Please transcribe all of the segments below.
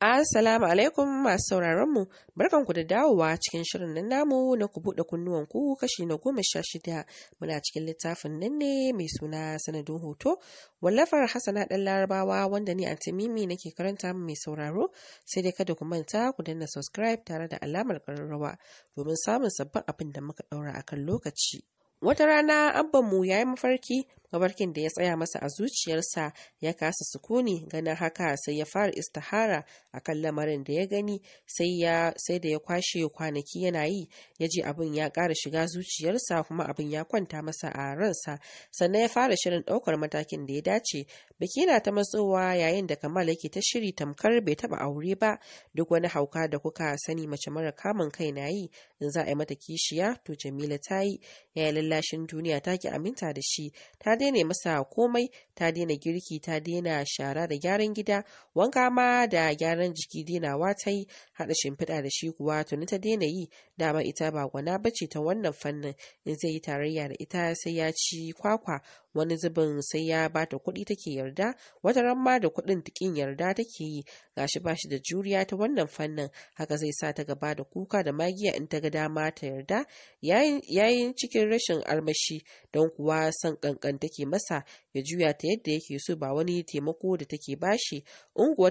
Assalamu alaikum masu sauraron mu, barkanku da dawowa cikin shirin nan namu na ku buɗe kunnuwanku kashi na goma sha shida muna cikin littafin nan ne mai suna sanadin hoto wallafar Hassana ɗan Larabawa wanda ni Antimimi nake karanta mu mai sauraro sai dai kada ku manta ku danna subscribe tare da alamar ƙararrawa domin samun sabbin abin da muka ɗaura a kan lokaci. Wata rana abban mu ya yi mafarki mafarkin da ya tsaya masa a zuciyarsa ya kasa sukuni ganin haka sai ya fara istahara a kan lamarin da ya gani sai da ya kwashe kwanaki yana yi ya ji abin ya ƙara shiga zuciyarsa kuma abin ya kwanta masa a ransa sannan ya fara shirin ɗaukar matakin da ya dace biki na ta matsowa yayin da kamal yake ta shiri tamkar bai taba aure ba duk wani hauka da kuka sani mace mara kamun kai na yi in za a yi mata kishiya to jamila ta yi ya lallashin duniya ta ki aminta da shi ta daina masa komai ta daina girki ta daina shara da gyaran gida wanka ma da gyaran jiki dainawa ta yi haɗa shimfiɗa da shi kuwa tuni ta daina yi dama ita ba gwana bace ta wannan fannin in zai yi tarayya da ita sai ya ci kwakwa wani zubin sai ya bata kuɗi take yarda wata ramma da kuɗin tikin yarda take yi gashi bashi da juriya ta wannan fannin haka zai sa ta gaba da kuka da magiya in ta ga dama ta yarda yayin cikin rashin armashi don kuwa san kankanta take masa ya juya ta yadda yake so ba wani taimako da take bashi unguwa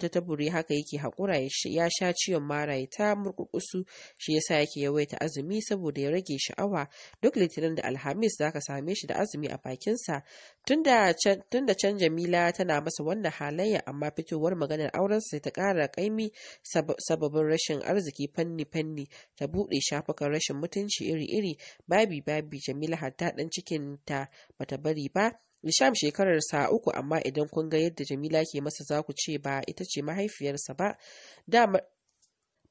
ta tabure haka yake haƙura ya sha ciwon mara ya ta murƙuƙusu shi yasa yake yawaita azumi saboda ya rage sha'awa duk litinin da alhamis zaka same shi da azumi a bakinsa tunda can jamila tana masa wannan halayya amma fitowar maganar auren sai ta kara ƙaimi sababin rashin arziki fanni-fanni ta buɗe shafukan rashin mutunci iri-iri babi-babi jamila hatta ɗan cikin ta bata bari ba Nisham shekarar sa uku amma idan kun ga yadda Jamila ke masa za ku ce ba ita ce mahaifiyarsa ba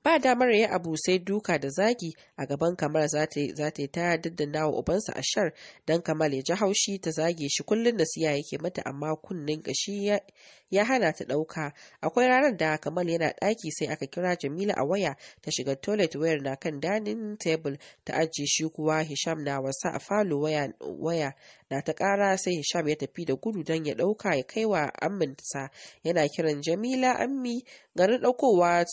ba damar ya abu sai duka da zagi a gaban kamar za ta yi ta daddana wa ubansa a shar don kamal ya ji haushi ta zage shi kullum da siya yake mata amma kunnen kashi ya hana ta ɗauka akwai ranar da kamal yana ɗaki sai aka kira jamila a waya ta shiga toilet wayar na kan dining table ta ajiye shi kuwa hisham na wasa a falo waya, na ta ƙara sai hisham ya tafi da gudu don ya ɗauka ya kai wa amminsa yana kiran jamila ammi garin ɗaukowa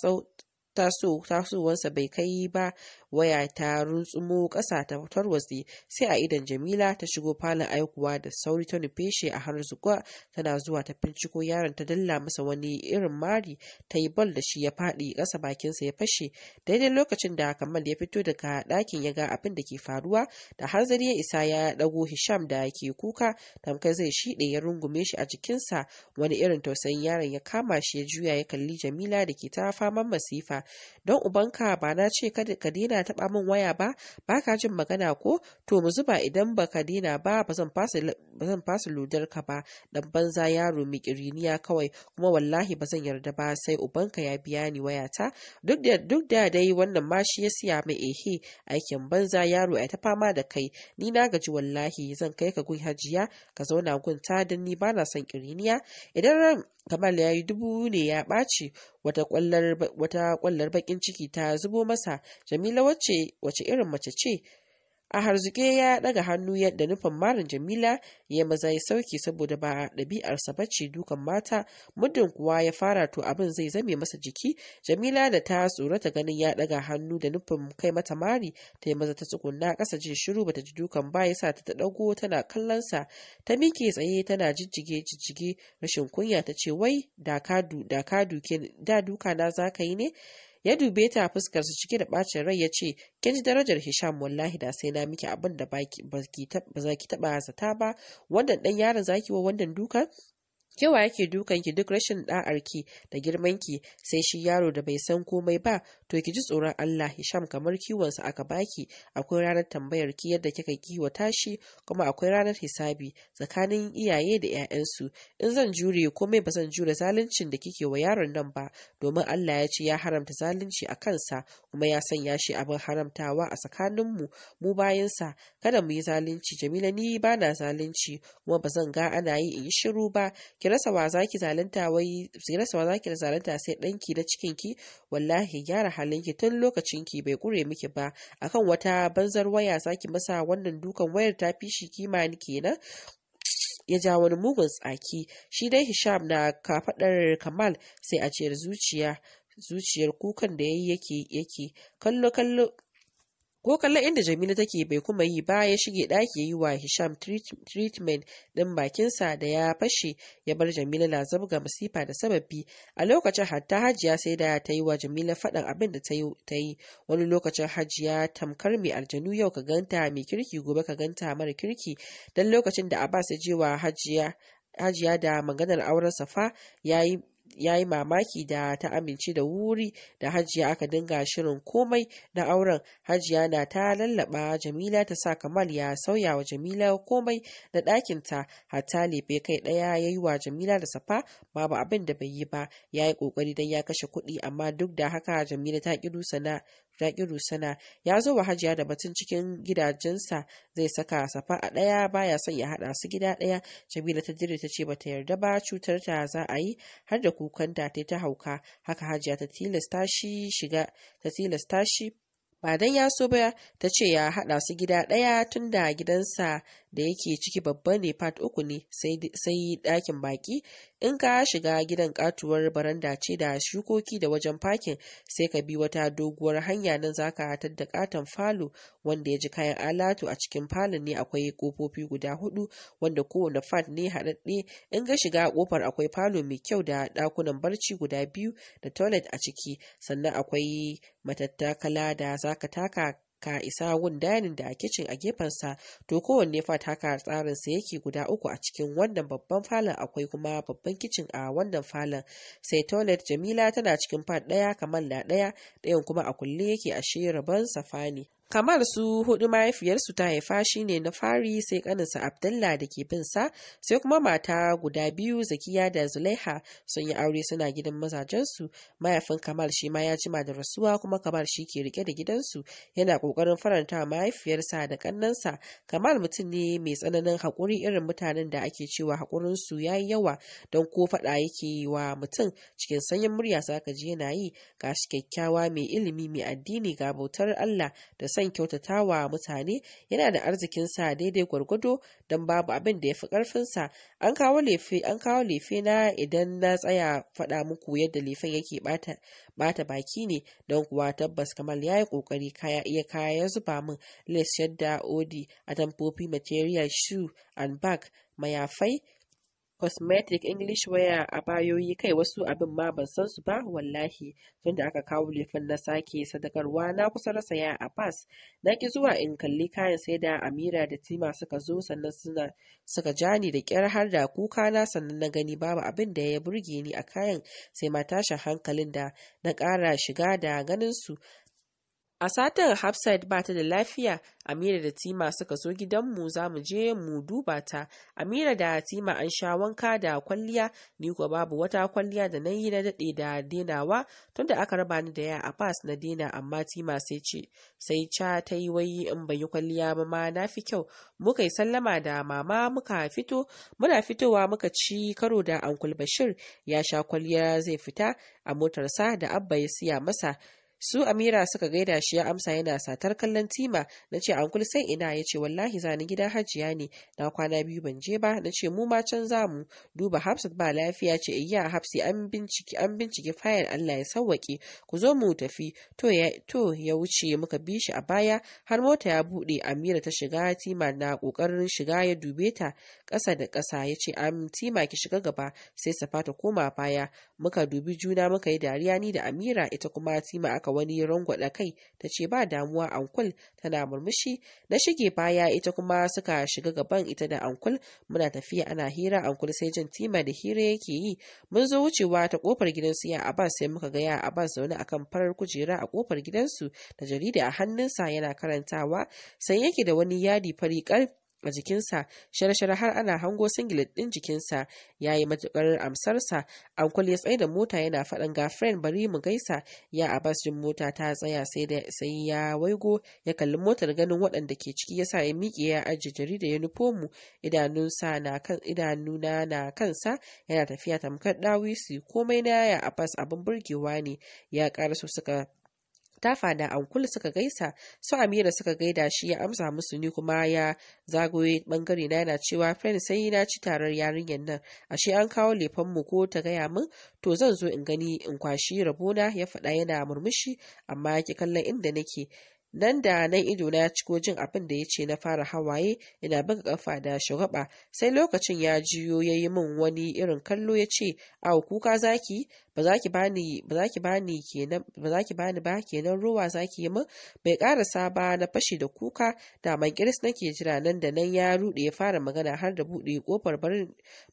taso tasowarsa bai kai ba waya ta runtsumo ƙasa ta tarwatse sai a idan jamila ta shigo falon aikuwa da sauri ta nufe shi a har zuwa tana zuwa ta finciko yaron ta dalla masa wani irin mari ta yi bal da shi ya faɗi ƙasa bakinsa ya fashe daidai lokacin da kamal ya fito daga ɗakin ya ga abin da ke faruwa da har ya isa ya ɗago hisham da ke kuka tamkar zai shiɗe ya rungume shi a jikinsa wani irin tausayin yaron ya kama shi ya juya ya kalli jamila da ke ta faman masifa don ubanka ba na ce kada ka daina taba taɓa min waya ba ba ka jin magana ko to mu zuba idan ba ka dina ba ba zan fasa ludar ka ba dan banza yaro mai kiriniya kawai kuma wallahi ba zan yarda ba sai ubanka ya biya ni wayata duk da duk da dai wannan ma shi ya siya mai ehe aikin banza yaro ya ta fama da kai ni na gaji wallahi zan kai ka gun hajiya ka zauna gunta dan ni ba na son kiriniya idan ran kamal ya yi dubu ne ya ɓaci wata kwallar bakin ciki ta zubo masa jamila wacce wace irin mace ce a harzuke ya daga hannu yadda nufin marin jamila ya maza ya sauki saboda ba ɗabi'arsa ba ce dukan mata muddin kuwa ya fara to abin zai zame masa jiki jamila da ta tsorata ganin ya daga hannu da nufin kai mata mari ta yi maza ta tsugunna ƙasa jin shiru bata ji dukan ba ya sa ta ɗago tana kallonsa ta miƙe tsaye tana jijjige jijjige rashin kunya ta ce wai da ka duka na za ka yi ne ya dube ta fuskarsa cike da bacin rai ya ce kin ji darajar hisham wallahi da sai na miki abin da ba za ki taba ba wannan dan yaron zaki wa wannan dukan kewa yake dukan ki duk rashin da'arki da girmanki sai shi yaro da bai san komai ba to ki ji tsoron Allah Hisham kamar kiwon sa aka baki akwai ranar tambayar ki yadda kika kiwa tashi, kuma akwai ranar hisabi tsakanin iyaye da 'ya'yansu in zan jure komai ba zan jure zaluncin da kike wa yaron nan ba domin Allah ya ce ya haramta zalunci a kansa kuma ya sanya shi abin haramtawa a tsakanin mu mu bayansa kada mu yi zalunci Jamila ni bana zalunci kuma ba zan ga ana yi in yi shiru ba ki rasa wa zaki zalunta wai ki rasa wa zaki zalunta sai danki da ki wallahi gyara halin ki tun lokacin ki bai kure miki ba akan wata banzar waya zaki masa wannan dukan wayar ta fi shi kima kenan ya ja wani mugun tsaki shi dai hisham na kafadar kamal sai a ciyar zuciya zuciyar kukan da yayi yake yake kallo kallo ko kallon inda jamila take bai kuma yi ba ya shige ɗaki ya yi wa hisham treatment ɗin bakinsa da ya fashe ya bar jamila na zama ga masifa da sababbi. a lokacin hatta hajiya sai da ta yi wa jamila faɗan abin da ta yi wani lokacin hajiya tamkar mai aljanu yau ka ganta mai kirki gobe ka ganta mara kirki don lokacin da abbas ya je wa hajiya da maganar auren safa ya yi ya yi mamaki da ta amince da wuri da hajiya aka dinga shirin komai na auren hajiya na ta lallaba jamila ta sa kamal ya sauya wa jamila komai na ɗakinta hatta lefe kai ɗaya ya yi wa jamila da safa babu abin da bai yi ba ya yi ƙoƙari don ya kashe kuɗi amma duk da haka jamila ta ƙi sana Rusana ya zo wa Hajiya da batun cikin gidajensa zai saka safa a ɗaya baya son ya haɗa su gida ɗaya Jamila ta dire ta ce bata yarda ba cutar ta za a yi har da ku kukan da ta ta hauka haka hajiya ta tilasta shi shiga ta tilasta shi ba dan ya so ba ta ce ya hada su gida daya tun da gidansa da yake ciki babba ne part uku ne sai ɗakin baki in ka shiga gidan katuwar baranda ce da shukoki da wajen fakin sai ka bi wata doguwar hanya nan zaka hatar da katon falo wanda ya ji kayan alatu a cikin falon ne akwai kofofi guda hudu wanda kowane fat ne haɗaɗɗe in ka shiga kofar akwai falo mai kyau da ɗakunan barci guda biyu da toilet a ciki sannan akwai matattakala da zaka taka ka isa wun dining da a kicin a gefensa to kowanne fat haka sa yake guda uku a cikin wannan babban falon akwai kuma babban kicin a wannan falon sai toilet jamila tana cikin fat ɗaya kamar na ɗaya ɗayan kuma a kulle yake a shi rabon safani kamar su hudu mahaifiyarsu ta haifa shi ne na fari sai kaninsa Abdullah da ke binsa sai kuma mata guda biyu Zakiya da Zulaiha sun yi aure suna gidan mazajensu mahaifin kamar shi ma ya jima da rasuwa kuma kamar shi ke rike da gidansu yana kokarin faranta mahaifiyarsa da kannansa kamar mutum ne mai tsananin hakuri irin mutanen da ake cewa hakurin su yi yawa don ko faɗa yake wa mutum cikin sanyin murya ka ji yana yi ga gashi kyakkyawa mai ilimi mai addini ga bautar Allah da sai. son kyautata wa mutane yana da arzikinsa daidai gwargwado don babu abin da ya fi ƙarfinsa an kawo lefe an kawo lefe na idan na tsaya faɗa muku yadda lefen yake bata baki ne don kuwa tabbas kamar ya yi ƙoƙari kaya iya kaya ya zuba min les yadda odi a atamfofi material shoe and bag mayafai cosmetic english waya a bayoyi kai wasu abin ma ban san su ba wallahi tunda aka kawo lefin na sake sadakarwa na kusa rasa ya a pass. na ki zuwa in kalli kayan sai da amira da tima suka zo sannan suna suka jani da kyar har da kuka na sannan na gani babu abin da ya burge ni a kayan sai ma tashin hankalin da na kara shiga da ganin su A satar Hafsat ba ta da lafiya, Amira da Tima suka zo gidanmu za mu je mu duba ta. Amira da Tima an sha wanka da kwalliya, ni kuwa babu wata kwalliya da na yi na daɗe da denawa tunda aka raba ni da ya a fas na dena amma Tima sai ce sai ca ta yi wai in ban yi kwalliya ba ma na fi kyau. Muka yi sallama da mama muka fito, muna fitowa muka ci karo da Ankul Bashir ya sha kwalliya zai fita a motarsa da Abba ya siya masa. su amira suka gaida shi ya amsa yana satar kallon tima na ce an sai ina ya ce wallahi zanen gida hajiya ne na kwana biyu ban je ba na ce mu ma can za mu duba hafsat ba lafiya ce iya hafsi an bincike an bincike allah ya sawwake ku zo mu tafi to ya to ya wuce muka bi shi a baya har mota ya buɗe amira ta shiga tima na ƙoƙarin shiga ya dube ta ƙasa da ƙasa ya ce am tima ki shiga gaba sai safa ta koma baya muka dubi juna muka yi dariya ni da amira ita kuma tima aka wani rangwada kai ta ce ba damuwa ankul tana murmushi na shige baya ita kuma suka shiga gaban ita da ankul muna tafiya ana hira ankul sai jin tima da hira yake yi mun zo wucewa ta kofar gidansu ya abbas sai muka ga ya abbas zaune akan farar kujera a kofar gidansu da jarida a hannunsa yana karantawa sai yake da wani yadi fari kar a jikinsa shara-shara har ana hango singlet ɗin jikinsa ya yi matuƙar amsarsa ankul ya tsaye da mota yana faɗin ga friend bari mu gaisa ya bas din mota ta tsaya sai ya waigo ya kalli motar ganin waɗanda ke ciki ya sa ya miƙe ya ajiye jarida ya nufo mu idanuna na kansa yana tafiya tamkar dawisi. komai na ya bas abin burgewa ne ya ƙaraso suka littafa da ankul suka gaisa su amira suka gaida shi ya amsa musu ni kuma ya zagoye bangare na yana cewa friend sai na ci tarar yarinyar nan ashe an kawo lefan mu ko ta gaya min to zan zo in gani in kwashi rabona ya faɗa yana murmushi amma yake kallon inda nake nan da nan ido na ciko jin abin da ya ce na fara hawaye ina buga kafa da shugaba sai lokacin ya jiyo ya yi min wani irin kallo ya ce au kuka zaki ba za ki bani ba kenan ba za ki bani ba ruwa za ki yi min bai karasa ba na fashi da kuka da man kiris nake jira nan da nan ya rude ya fara magana har da bude kofar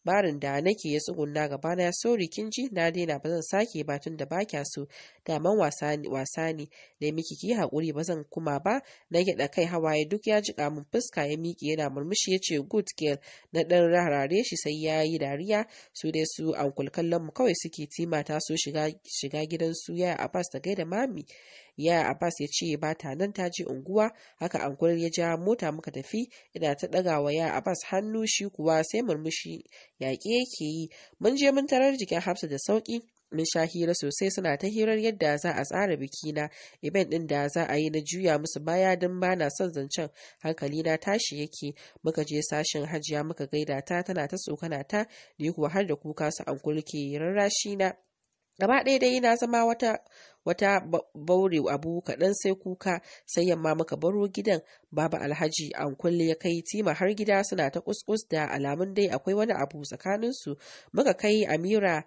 barin da nake ya tsugunna gaba na sorry kin ji na daina ba zan sake ba tun da bakya so daman wasa ne wasa ne da miki ki hakuri ba zan kuma ba na gyaɗa kai hawaye duk ya jika min fuska ya miki yana murmushi ya ce good girl na ɗan rarare shi sai ya yi dariya su dai su ankul kallon mu kawai suke timata taso shiga shiga gidansu yaya Abbas ta gaida mami yaya Abbas ya ce ba ta nan ta je unguwa haka ankul ya ja mota muka tafi ina ta daga wa yaya Abbas hannu shi kuwa sai murmushi yaƙe yake yi mun je mun tarar jikin Hafsa da sauki mun sha hira sosai suna ta hirar yadda za a tsara biki na event din da za a yi na juya musu baya don ba na son zancen hankali na tashi yake muka je sashen hajiya muka gaida ta tana ta tsokana ta ni kuwa har da kuka su an kulke rarrashi na gaba ɗaya dai na zama wata wata baure abu kaɗan sai kuka sai yamma muka baro gidan babu alhaji an kulle ya kai tima har gida suna ta kuskus da alamun dai akwai wani abu tsakanin muka kai amira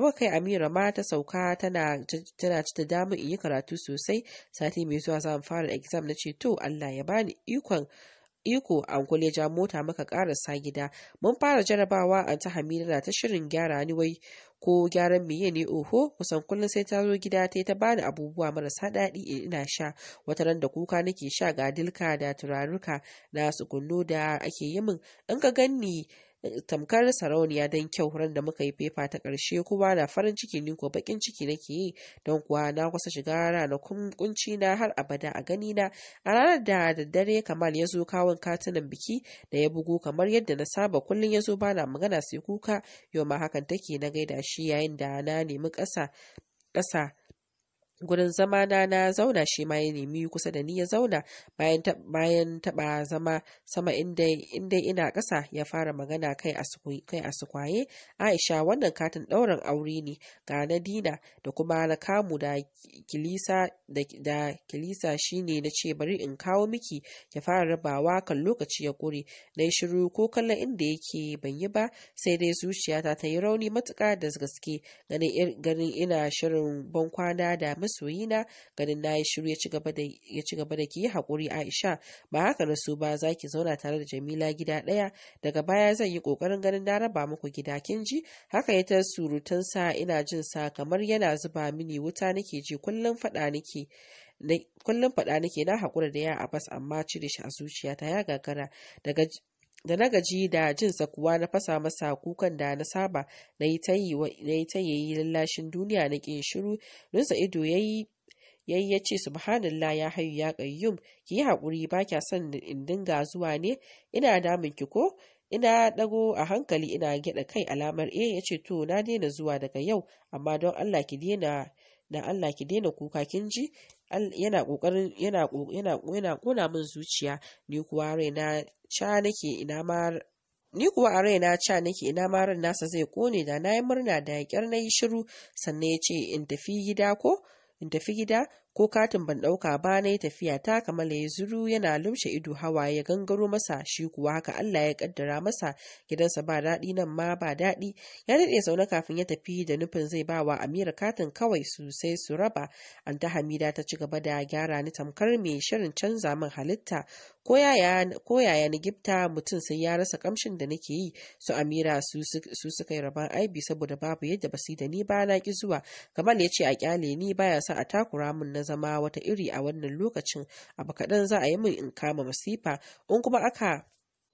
muka kai amira ma ta sauka tana tana ci ta damu in yi karatu sosai sati mai zuwa za mu fara exam na ce to Allah ya bani ikon iko an kulle ja mota muka sa gida mun fara jarabawa an ta hamida na ta shirin gyara ni wai ko gyaran miye ne oho kusan kullum sai ta zo gida ta yi ta bani abubuwa marasa daɗi ina sha wata ran da kuka nake sha ga dilka da turaruka na sukunno da ake yi min in ka ganni tamkar sarauniya don kyau ran da muka yi fefa ta ƙarshe kuma na farin ciki ni ko bakin ciki nake yi don kuwa na kusa shiga ranakun kunci na har abada a gani na a ranar da daddare kamal ya zo kawon katunan biki da ya bugu kamar yadda na saba kullum ya zo bana magana sai kuka yau ma hakan take na gaida shi yayin da na nemi ƙasa ƙasa gurin zama na na zauna shi ma ya nemi kusa da ni ya zauna bayan taba zama sama inda ina ƙasa ya fara magana kai a sukwaye aisha wannan katin ɗaurin aure ne ga na dina da kuma na kamu da kilisa da kilisa shine na ce bari in kawo miki ya fara rabawa kan lokaci ya kure na yi shiru ko kallon inda yake ban yi ba sai dai zuciyata ta yi rauni matuka da gaske ganin ina shirin bankwana da masoyina ganin na yi shiru ya ci gaba da ki yi haƙuri Aisha ba haka na so ba za ki zauna tare da Jamila gida ɗaya daga baya zan yi ƙoƙarin ganin na raba muku gida kin ji haka ya ta surutun sa ina jin sa kamar yana zuba mini wuta nake ji kullum faɗa nake kullum faɗa nake na haƙura da ya bas amma cire shi a zuciyata ya gagara daga da na gaji da jin sakuwa na fasa masa kukan da na saba na yi ta yayi lallashin duniya na ƙin shiru lunsa ido ya yi ya ce subhanallah ya hayu ya qayyum ki yi haƙuri ba kya son in dinga zuwa ne ina damun ki ko ina dago a hankali ina gyaɗa kai alamar eh ya ce to na daina zuwa daga yau amma don Allah ki daina dan Allah ki daina kuka kin ji yana yana kona min zuciya ni kuwa raina cha nake ina ma ni kuwa a raina ca nake ina ma nasa zai kone da na yi murna da kyar nayi shiru sannan ya ce in tafi gida ko in tafi gida ko katin ban ɗauka ba na yi tafiya ta kamala ya zuru yana lumshe ido hawa ya gangaro masa shi kuwa haka Allah ya kaddara masa gidansa ba daɗi nan ma ba daɗi ya daɗe zaune kafin ya tafi da nufin zai ba wa Amira katin kawai su sai su raba an ta Hamida ta ci gaba da gyara ni tamkar mai shirin canza min halitta ko yaya ni gifta mutum sai ya rasa kamshin da nake yi su Amira su suka yi rabon aibi saboda babu yadda su da ni ba na ki zuwa Kamal ya ce a kyale ni baya sa a takura min na zama wata iri a wannan lokacin abu kaɗan za a yi min in kama masifa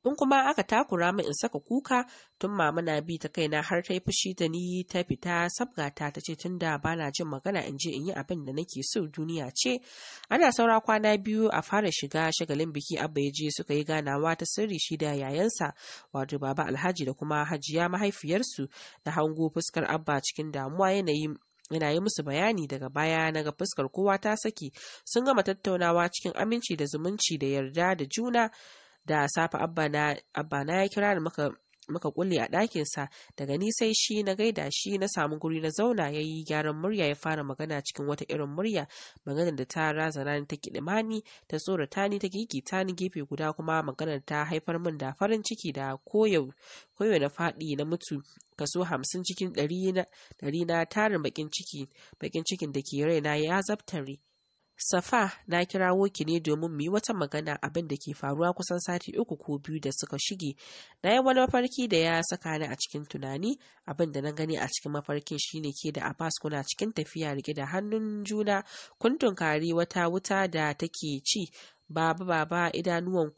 in kuma aka takura min in saka kuka tun mama na bi ta kaina har ta yi fushi da ni ta fita sabgata ta ce tun da ba na jin magana in je in yi abin da nake so duniya ce ana saura kwana biyu a fara shiga shagalin biki abba ya je suka yi ganawa ta sirri shi da yayansa wato baba alhaji da kuma hajiya mahaifiyarsu na hango fuskar abba cikin damuwa yanayin ina yi musu bayani daga baya na ga fuskar kowa ta saki sun gama tattaunawa cikin aminci da zumunci da yarda da juna da safe abba na ya kira da muka muka kulle a ɗakinsa daga ni sai shi na gaida shi na samu guri na zauna ya yi gyaran murya ya fara magana cikin wata irin murya maganar da ta razana rani ta kidimani ta tsorata ni ta gigita ni gefe guda kuma magana ta haifar min da farin ciki da koyau koyo na faɗi na mutu kaso hamsin cikin ɗari na tarin bakin ciki bakin cikin da ke raina ya zabtare Safa na kirawo ki ne domin mu yi wata magana abin da ke faruwa kusan sati uku ko biyu da suka shige. Na yi wani mafarki da ya saka ni a cikin tunani abin da na gani a cikin mafarkin shine ke da Abbas kuna cikin tafiya rike da hannun juna kun tunkari wata wuta da take ci Baba baba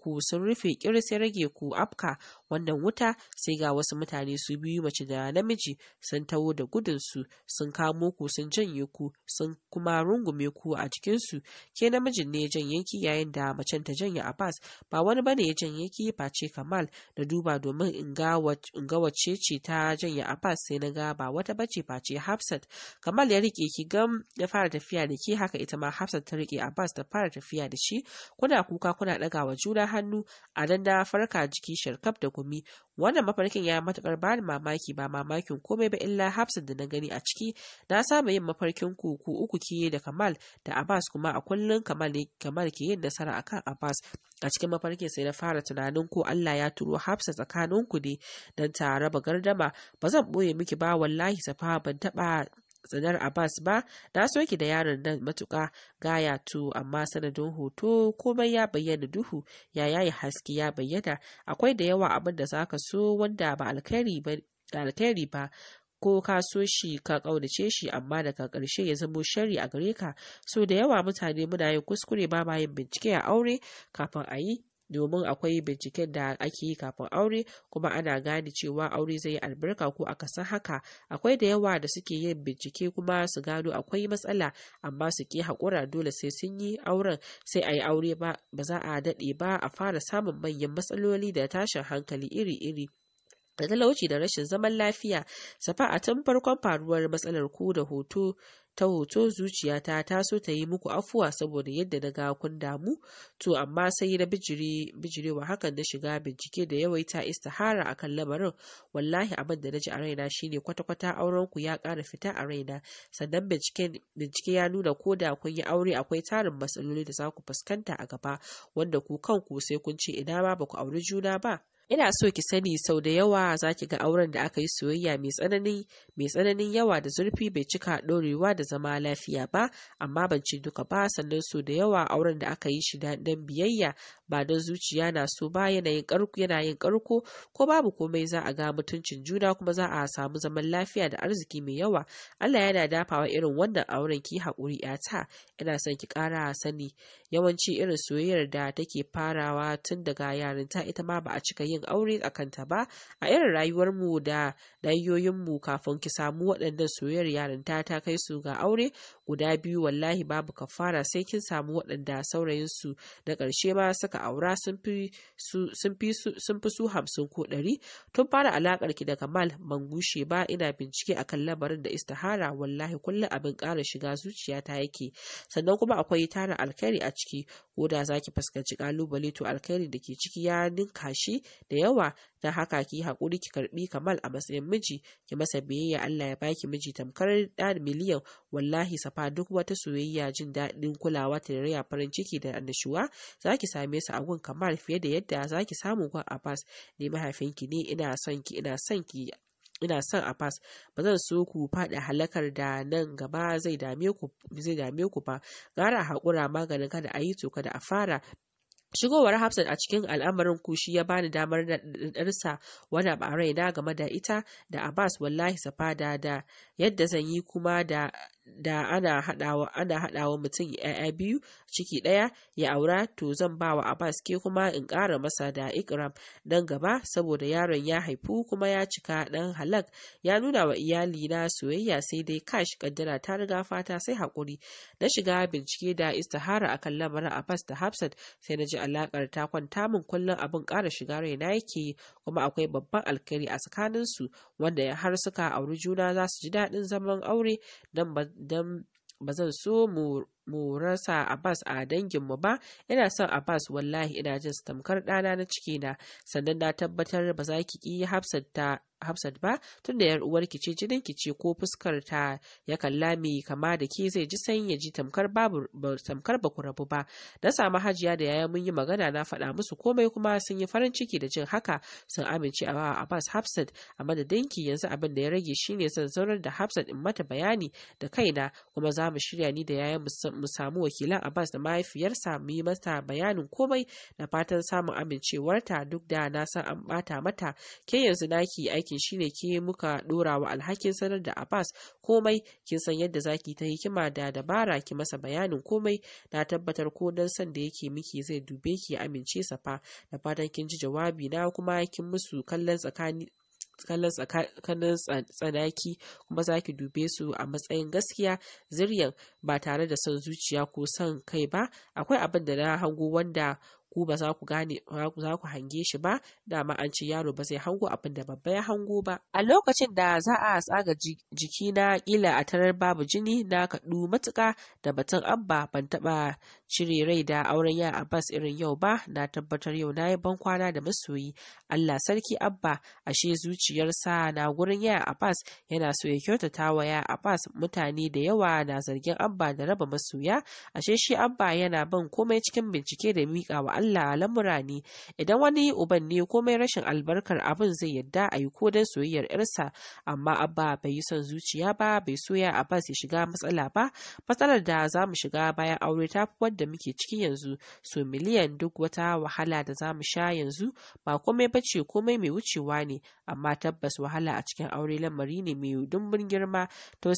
ku sun rufe kir sai rage ku afka wannan wuta sai ga wasu mutane su biyu mace da namiji sun taho da gudun su sun kamo ku sun janye ku sun kuma rungume ku a jikinsu ke namijin ne jan janye yayin da macen ta janye Abbas ba wani bane ya janye ki face Kamal da duba domin in ga wace ce ta janye Abbas sai na ga ba wata bace face Hafsat Kamal ya rike ki gam ya fara tafiya da ki haka ita ma Hafsat ta rike Abbas ta fara tafiya da shi kuna kuka kuna ɗaga wa juna hannu a nan na farka jiki sharkaf da gumi wannan mafarkin ya matuƙar ba ni mamaki ba mamakin komai ba illa hafsin da na gani a ciki na samu yin mafarkin ku uku kiye da kamal da abbas kuma a kullun kamal kamal ke yin nasara akan abbas a cikin mafarkin sai na fara tunanin ko allah ya turo hafsa tsakaninku ne don ta raba gardama ba zan ɓoye miki ba wallahi safa ban taɓa tsinar Abbas ba na soki da yaron nan matuka gaya to amma sanadin hoto komai ya bayyana duhu ya yayi haske ya bayyana akwai da yawa abin da zaka so wanda ba alkhairi ba ko ka so shi ka kaunace shi amma daga ƙarshe ya zamo shari a gare ka so da yawa mutane muna yin kuskure ba ma bincike a aure kafin a yi domin akwai binciken da ake yi kafin aure kuma ana gane cewa aure zai yi albarka ko aka san haka akwai da yawa da suke yin bincike kuma su gano akwai matsala amma su ke haƙura dole sai sun yi auren sai a yi aure ba ba za a daɗe ba a fara samun manyan matsaloli da tashin hankali iri-iri da talauci da rashin zaman lafiya a tun farkon faruwar matsalar ku da hoto ta hoto zuciyata ta taso ta yi muku afuwa saboda yadda na ga kun damu to amma sai na bijire wa hakan na shiga bincike da yawaita istihara akan lamarin wallahi abin da na ji a raina shine kwata-kwata auren ku ya kara fita a raina sannan bincike ya nuna ko da kun yi aure akwai tarin matsaloli da za ku fuskanta a gaba wanda ku kanku sai kun ce ina ma ba ku auri juna ba ina so ki sani sau da yawa za ki ga auren da aka yi soyayya mai tsanani mai tsananin yawa da zurfi bai cika ɗorewa da zama lafiya ba amma ban ci duka ba sannan sau da yawa auren da aka yi shi da ɗan biyayya ba don zuciya na so ba yanayin karko yana yin karko ko babu komai za a ga mutuncin juna kuma za a samu zaman lafiya da arziki mai yawa Allah yana dafawa irin wannan auren ki haƙuri yata ina son ki ƙara sani yawanci irin soyayyar da take farawa tun daga yarinta ita ma ba a cika yin aure a ba a irin rayuwar mu da mu kafin ki samu waɗannan soyayyar yarinta ta kai su ga aure guda biyu wallahi babu kafara sai kin samu waɗanda saurayin su na ƙarshe ma suka kika aura sun fi su hamsin ko ɗari tun fara alakar ki da kamal ban gushe ba ina bincike akan lamarin da istihara wallahi kullum abin ƙara shiga zuciya ta yake sannan kuma akwai tara alkhairi a ciki ko da zaki fuskanci ƙalubale to alkhairi da ke ciki ya ninka shi da yawa ta haka ki hakuri ki karbi kamal a matsayin miji ki masa biyayya Allah ya baki miji tamkar miliyan wallahi safa duk wata soyayya jin daɗin kulawa ta tarayya farin ciki da annashuwa zaki same su a gun kamal fiye da yadda zaki ki samu gun abbas ne mahaifinki ne ina son ki ina son ki ina son a fas ba zan so ku faɗa halakar da nan gaba zai dame ku ba gara haƙura maganin kada a yi to kada a fara shigowar hafsat a cikin al'amarin kushi ya bani damar na ɗarsa wani a raina game da ita da abbas wallahi safada da yadda zan yi kuma da da ana haɗawa ana haɗawa mutum ‘ya'ya biyu ciki ɗaya ya aura to zan ba wa Abbas ke kuma in ƙara masa da Ikram nan gaba saboda yaron ya haifu kuma ya cika ɗan halak ya nuna wa iyali na soyayya sai dai kash kaddara ta riga fata sai haƙuri na shiga bincike da istihara akan lamarin Abbas da Hafsat sai na ji alakar ta kwanta min kullum abin ƙara shiga raina yake kuma akwai babban alkhairi a tsakaninsu wanda har suka auri juna za su ji daɗin zaman aure dan دم بزن سومور mu rasa Abbas a danginmu ba ina son Abbas wallahi ina jin tamkar ɗana na ciki na sannan na tabbatar ba za ki ƙi Hafsat Hafsat ba tunda yar uwarki ce jinin ki ce ko fuskar ta ya kalla mi kama da ki zai ji san ya ji tamkar babu ba ku rabu ba na samu hajiya da yaya mun yi magana na faɗa musu komai kuma sun yi farin ciki da jin haka sun amince a bawa Abbas Hafsat amma da danki yanzu abin da ya rage shine zan zaunar da Hafsat in mata bayani da kaina kuma za mu shirya ni da yayan mu samu wakilan Abbas da mahaifiyarsa mu yi masa bayanin komai na fatan samun amincewarta duk da na san an bata mata ke yanzu naki aikin shine ke muka dora wa alhakin sanar da Abbas komai kin san yadda zaki ta hikima da dabara ki masa bayanin komai na tabbatar ko dan san da yake miki zai dube ki amince sa fa da fatan kin ji jawabi na kuma kin musu kallon tsakani kallon tsakanin tsanaki kuma za ki dube su a matsayin gaskiya ziryan ba tare da son zuciya ko son kai ba akwai abin da na hango wanda ku ba za ku gane za ku hange shi ba dama an yaro ba zai hango abin da babba ya hango ba a lokacin da za a tsaga jiki na kila a tarar babu jini na kaɗu matuka da batun abba ban taɓa cire rai da auren ya bas irin yau ba na tabbatar yau na yi ban kwana da masoyi allah sarki abba ashe zuciyarsa na gurin ya bas yana so ya kyautata wa ya abbas mutane da yawa na zargin abba da raba masoya ashe shi abba yana ban komai cikin bincike da miƙa wa allah kulla lamura ne idan wani uban ne komai rashin albarkar abin zai yadda a yi ko don soyayyar yarsa amma abba bai yi son zuciya ba bai soya bas ya shiga matsala ba matsalar da za mu shiga bayan aure ta fi wadda muke ciki yanzu so miliyan duk wata wahala da za mu sha yanzu ba komai ba ce komai mai wucewa ne amma tabbas wahala a cikin aure lamari ne mai dumbin girma to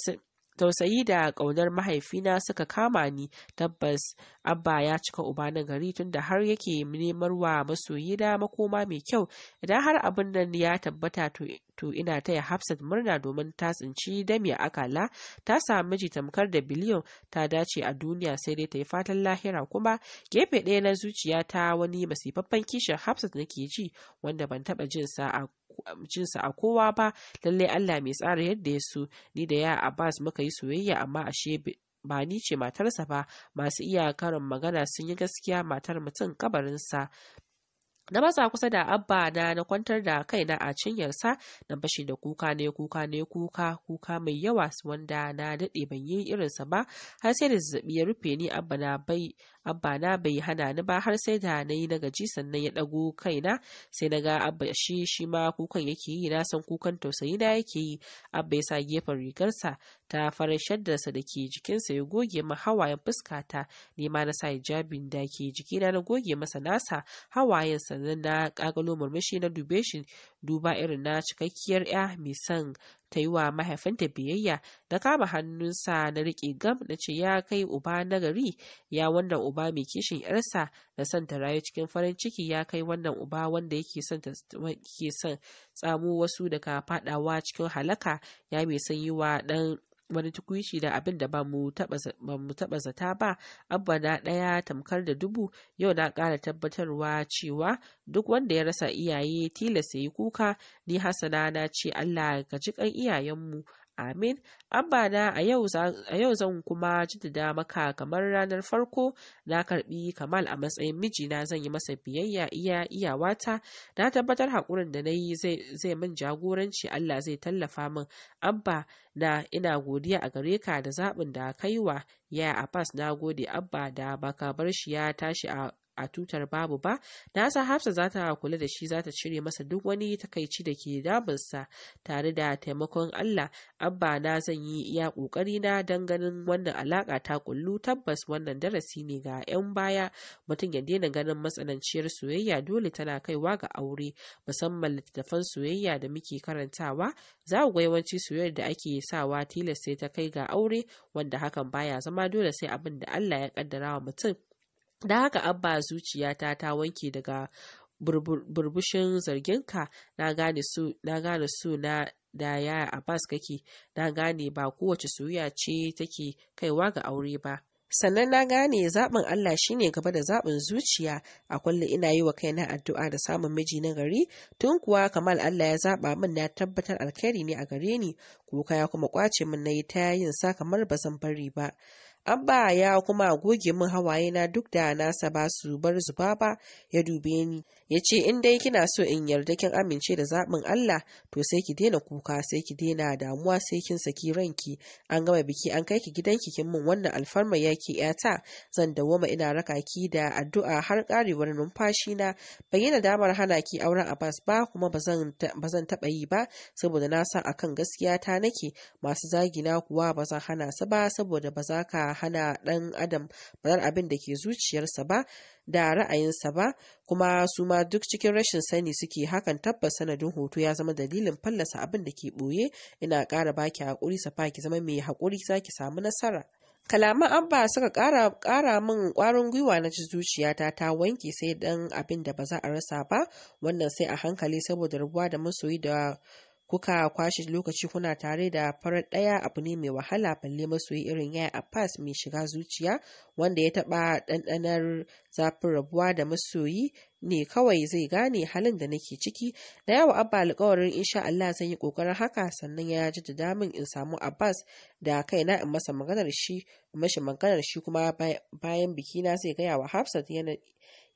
tausayi da ƙaunar mahaifina suka kama ni tabbas abba ya cika uba na gari tunda har yake nemar wa masoyi da makoma mai kyau idan har abin nan ya tabbata to ina taya hafsat murna domin ta tsinci da mai akala ta samu miji tamkar da biliyon ta dace a duniya sai dai ta yi fatan lahira kuma gefe ɗaya na zuciya ta wani masifaffen kishin hafsat nake ji wanda ban taɓa jin sa'a. jinsa a kowa ba lallai Allah mai tsara yadda ya so ni da ya Abbas muka yi soyayya amma ashe ba ni ce matarsa ba masu iya karin magana sun yi gaskiya matar mutum kabarinsa na matsa kusa da abba na na kwantar da kaina a cinyarsa na bashi da kuka ne kuka ne kuka kuka mai yawa wanda na daɗe ban yi irinsa ba har sai da zazzabi ya rufe ni abba na bai abba na bai hana ni ba har sai da na yi na gaji sannan ya ɗago kaina sai na ga abba shi shi ma kukan yake yi na san kukan tausayi na yake yi abba ya sa gefen rigarsa ta farar shaddarsa da ke jikinsa ya goge ma hawayen fuskata ne ma na sa hijabin da ke jikina na goge masa nasa hawayen sannan na kagalo murmushi na dube shi duba irin na cikakkiyar ya mai san. ta yi wa mahaifinta biyayya na kama hannunsa na riƙe gam na ce ya kai uba na gari ya wannan uba mai kishin yarsa na son ta rayu cikin farin ciki ya kai wannan uba wanda yake son ta ke son tsamo wasu daga fadawa cikin halaka ya mai son yi wa ɗan wani tukuici da abin da ba mu taɓa zata ba abba na ɗaya tamkar da dubu yau na ƙara tabbatarwa cewa duk wanda ya rasa iyaye tilasta yi kuka ni hasana na ce allah ka ji kan iyayenmu Amin. na a yau zan kuma jaddada maka kamar ranar farko na karbi Kamal a matsayin mijina zan yi masa biyayya iya iyawata na tabbatar haƙurin da na yi zai min jagoranci Allah zai tallafa min Abba na ina godiya a gare ka da zaɓin da kaiwa ya Abbas na gode Abba da baka bar shi ya tashi a a tutar babu ba na sa hafsa za ta kula da shi za ta cire masa duk wani takaici da ke damunsa tare da taimakon allah abba na zan yi iya kokari na don ganin wannan alaka ta kullu tabbas wannan darasi ne ga yan baya mutum ya daina ganin matsananciyar soyayya dole tana kaiwa ga aure musamman littattafan soyayya da muke karantawa za ku ga yawanci soyayyar da ake sawa tilas sai ta kai ga aure wanda hakan baya zama dole sai abin da allah ya kaddara wa mutum da haka abba zuciyata ta wanke daga burbushin zarginka na gane su na gane su na da ya abbas kake na gane ba kowace soyayya ce take kaiwa ga aure ba sannan na gane zaɓin Allah shine gaba da zaɓin zuciya a kullum ina yi wa kaina addu'a da samun miji na gari tun kuwa kamar Allah ya zaɓa min na tabbatar alkhairi ne a gare ni kuka ya kuma kwace min na yi ta yin sa kamar ba zan bari ba Abba ya kuma goge min hawaye na duk da nasa ba su bar zuba ba ya dube ni ya ce in dai kina so in yarda kin amince da zaɓin Allah to sai ki daina kuka sai ki daina damuwa sai kin saki ranki an gama biki an kai ki gidanki kin min wannan alfarma ya yata zan dawoma ina raka ki da addu'a har karewar numfashi na ban yi nadamar hana ki auren Abbas ba kuma ba zan taɓa yi ba saboda na san akan gaskiya ta nake masu zagina kuwa ba zan hana su ba saboda ba za ka hana ɗan adam faɗar abin da ke zuciyarsa ba da ra'ayinsa ba kuma su ma duk cikin rashin sani suke hakan tabbas sanadin hoto ya zama dalilin fallasa abin da ke ɓoye ina ƙara baki haƙuri safa ki zama mai haƙuri za ki samu nasara kalaman abba suka ƙara ƙara min ƙwarin gwiwa na ci zuciyata ta wanke sai dan abin da ba za a rasa ba wannan sai a hankali saboda rabuwa da masoyi da kuka kwashe lokaci kuna tare da farar ɗaya abu ne mai wahala balle masoyi irin yaya a Abbas mai shiga zuciya wanda ya taɓa ɗanɗanar zafin rabuwa da masoyi ne kawai zai gane halin da nake ciki da yawa abba alkawarin insha Allah zan yi kokarin haka sannan ya ji da damin in samu Abbas da kaina in masa maganar shi mashi maganar shi kuma bayan biki na zai gaya wa Hafsat yana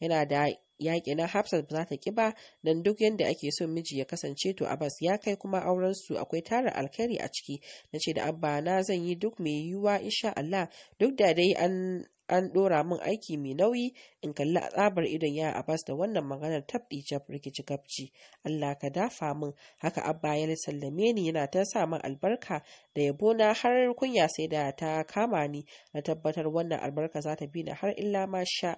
yana da yaƙi na Hafsat ba za ta ƙi ba don duk yadda ake son miji ya kasance to Abbas ya kai kuma auren su akwai tara alkhairi a ciki na ce da abba na zan yi duk mai yiwuwa insha Allah duk da dai an an ɗora min aiki mai nauyi in kalli a tsabar idon ya Abbas da wannan maganar tabbi jaf rikici gabci Allah ka dafa min haka abba ya sallame ni yana ta sa min albarka da yabo na har kunya sai da ta kama ni na tabbatar wannan albarka za ta bi ni har illa ma sha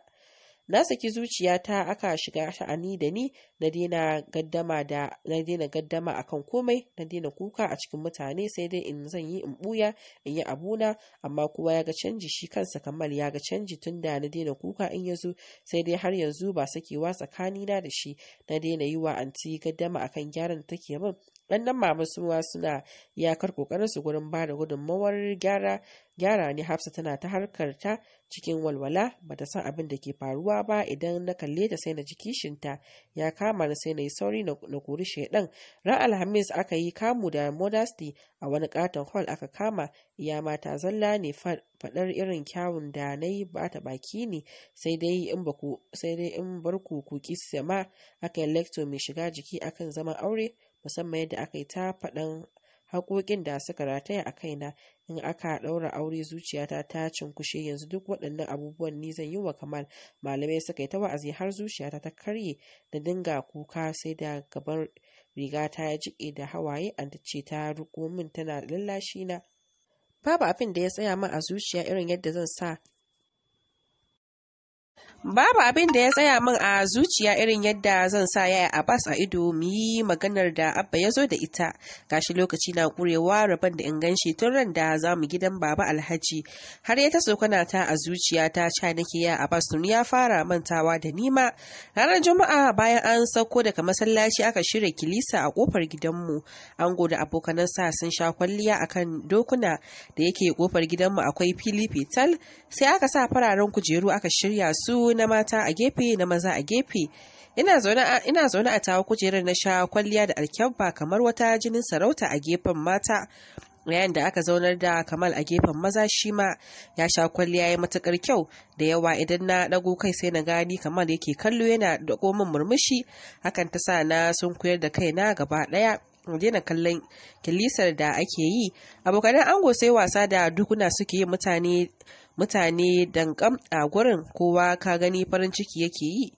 na saki zuciyata aka shiga sha'ani da ni na daina gaddama da na dina gaddama akan komai na daina kuka a cikin mutane sai dai in zan yi in buya in yi abuna amma kowa ya ga canji shi kansa kammal ya ga canji tun da na daina kuka in ya zo sai dai har yanzu ba sakewa tsakanina da shi na daina yi wa anti gaddama akan gyaran da take min ɗannan mama suwa suna iyakar kokarin su gurin ba da gudunmawar gyara gyara ne hafsa tana ta harkar ta cikin walwala ba ta san abin da ke faruwa ba idan na kalle ta sai na ji kishinta ya kama na sai na yi sauri na kori shaidan ran alhamis aka yi kamu da modesty a wani katon hall aka kama ya mata zalla ne faɗar irin kyawun da na yi ba ta baki ne sai dai in ku sai dai in bar ku kuki sama aka yi lecto mai shiga jiki akan zaman aure musamman yadda aka yi ta faɗan haƙoƙin da suka rataya a kaina in aka ɗaura aure zuciyata ta cinkushe yanzu duk waɗannan abubuwan ni zan yi wa kamar malamai suka yi ta wa'azi har zuciyata ta karye da dinga kuka sai da gaban rigata ya jiƙe da hawaye an ta ce ta riƙo min tana lallashi na babu abin da ya tsaya min a zuciya irin yadda zan sa Babu abin da ya tsaya min a zuciya irin yadda zan sa yaya Abbas a ido mu yi maganar da Abba ya zo da ita. Gashi lokaci na kurewa rabon da in ganshi tun ran da za mu gidan Baba Alhaji. Har ya ta tsokana ta a zuciya ta ca nake ya Abbas tun ya fara mantawa da nima. Ranar Juma'a bayan an sauko daga masallaci aka shirya kilisa a kofar gidanmu. Ango da abokanansa sun sha kwalliya akan dokuna da yake kofar gidanmu akwai fili fetal. Sai aka sa fararen kujeru aka shirya su na mata a gefe na maza a gefe ina zaune a tawa kujerar na sha kwalliya da alkyabba kamar wata jinin sarauta a gefen mata yayin da aka zaunar da kamal a gefen maza shi ma ya sha kwalliya ya matukar kyau da yawa idan na dago kai sai na gani kamal yake kallo yana dago min murmushi hakan ta sa na sun koyar da na gaba ɗaya daina kallon kilisar da ake yi abokanan ango sai wasa da dukuna suke yi mutane mutane dankam a gurin kowa ka gani farin ciki yake yi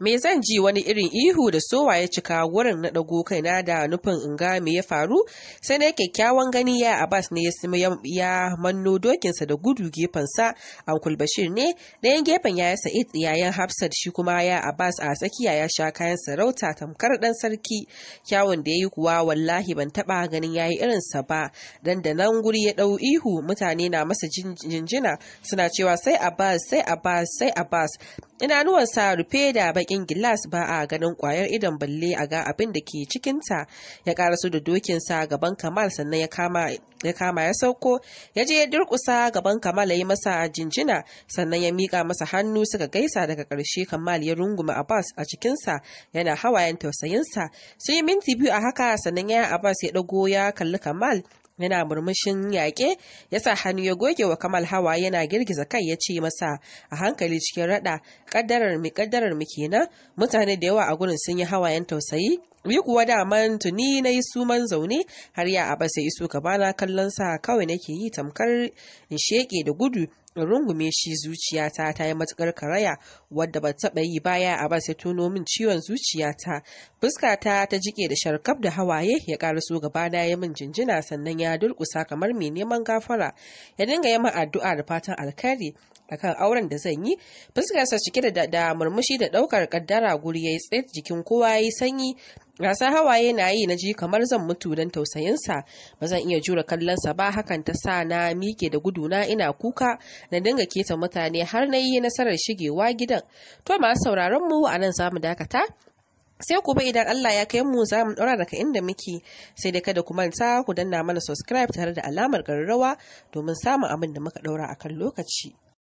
me zan ji wani irin ihu da sowa ya cika wurin na ɗago kaina da nufin in ga me ya faru sai na kyakkyawan gani ya abbas ne ya ya manno dokinsa da gudu gefensa ankul bashir ne yan gefen ya sa'id yayan hafsat shi kuma ya abbas a tsakiya ya sha kayan sarauta tamkar dan sarki kyawun da yayi kuwa wallahi ban taba ganin yayi yi irinsa ba dan da nan guri ya ɗau ihu mutane na masa jinjina suna cewa sai abbas sai abbas sai abbas sa rufe da bakin gilas ba a ganin kwayar idon balle a ga abin da ke cikinta ya su da dokinsa gaban kamal sannan ya kama ya sauko ya je ya durkusa gaban kamal ya yi masa jinjina sannan ya mika masa hannu suka gaisa daga ƙarshe kamal ya runguma abbas a cikinsa yana hawayen tausayinsa sun yi minti biyu a haka sannan ya abbas ya ɗago ya kalli kamal yana murmushin yaƙe ya sa hannu ya goge wa kamal hawa yana girgiza kai ya ce masa a hankali cikin rada kaddarar mi kaddarar mu kenan mutane da yawa a gurin sun yi hawayen tausayi Yi kuwa daman tuni na yi suman zaune har ya aba sai iso na kallon sa kawai nake yi tamkar in sheƙe da gudu in rungume shi zuciyata ta yi matukar karaya wadda ba taɓa yi baya a sai tuno min ciwon zuciyata fuskata ta jike da sharkaf da hawaye ya so gaba na ya min jinjina sannan ya durkusa kamar mai neman gafara ya dinga yi addu'a da fatan alkhairi akan auren da zan yi fuskarsa cike da murmushi da ɗaukar ƙaddara guri ya yi tsit jikin kowa ya yi sanyi gasar hawaye na yi na ji kamar zan mutu don tausayinsa ba zan iya jure kallonsa ba hakan ta sa na mike da guduna ina kuka na dinga keta mutane har na yi nasarar shigewa gidan to masu sauraron mu a nan zamu dakata sai ku kuma idan Allah ya kai mu za mu daura daga inda muke sai dai kada ku manta ku danna mana subscribe tare da alamar garrawa domin samun abin da muka daura kan lokaci